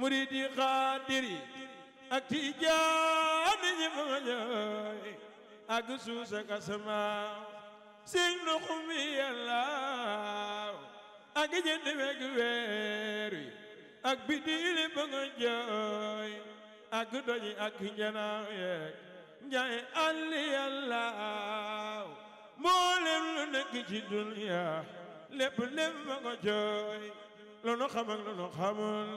muridi xaadiri ak tijaani ñi ma ak suus ak sing nu xumbi yàllaaw ak jënd meeg weer wi ak bidiili ba nga ak doñi ak njanaaw yeeg njaay alli yàllaaw mboolem lu nekk ci duniya lépp lépp lu nu xam lu nu xamul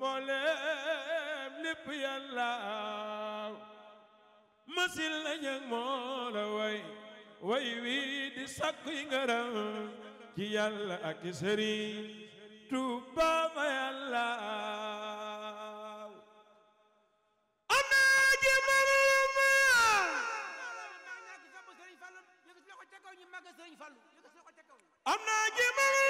mbooleem lépp yàlla masil la ñag moo la way wii di sàkku yi ngërëm ci yàlla ak ci sëriñ Tuuba ma yàlla am naa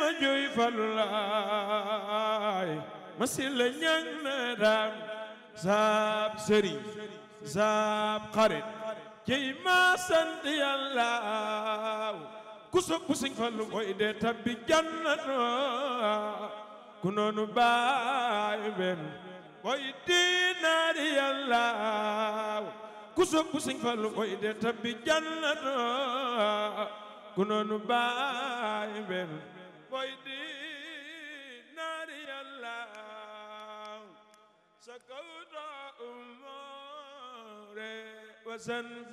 ma jooy falu laay ma silla na daam saab sëriñ saab xarit jey ma sant yàlla ku sopp Fallu koy de tabbi jannatu ku noonu baay ben koy dinaari yàlla ku sopp Sëriñ Fallu koy de tabbi jannatu ku noonu baay ben boydi naari allah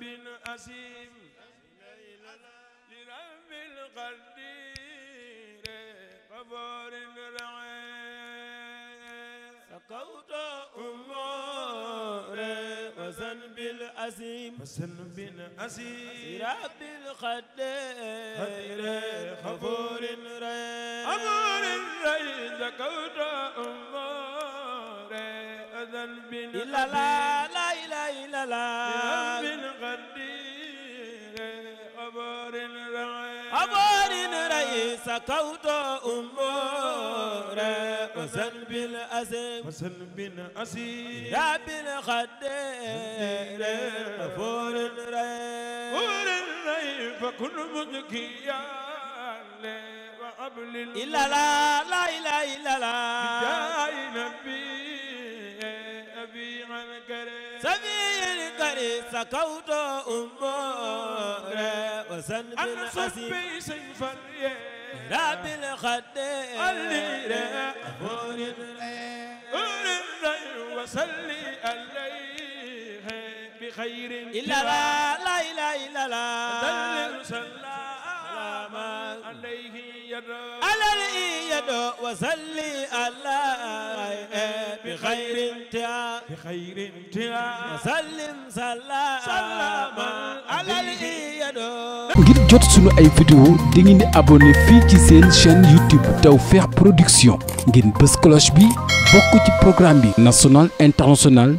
bin asim li rabbil qadire favorin rae sakawta umore لا لا لا إله إلا الله بالقدير أبار رئيس أبار رئيس كوت أمور وسن بالأسير وسن بالأسير يا بالقدير أبار رئيس أبار رئيس فكن مذكيا لي قبل إلا لا لا إلا إلا لا بجاه نبي أبي عن كريم سبيل كريم سكوت أمور وسن أنا صبي سيفر راب الخد اللي أبور أبور وصلي عليه بخير إلا لا لا إلا إلا لا عليه e, ngir jot sunu ay vidéo da ngeen di abonné fii ci seen chaîne YouTube Tawfekh Production ngeen bës cloche bi bokk ci programme bi national international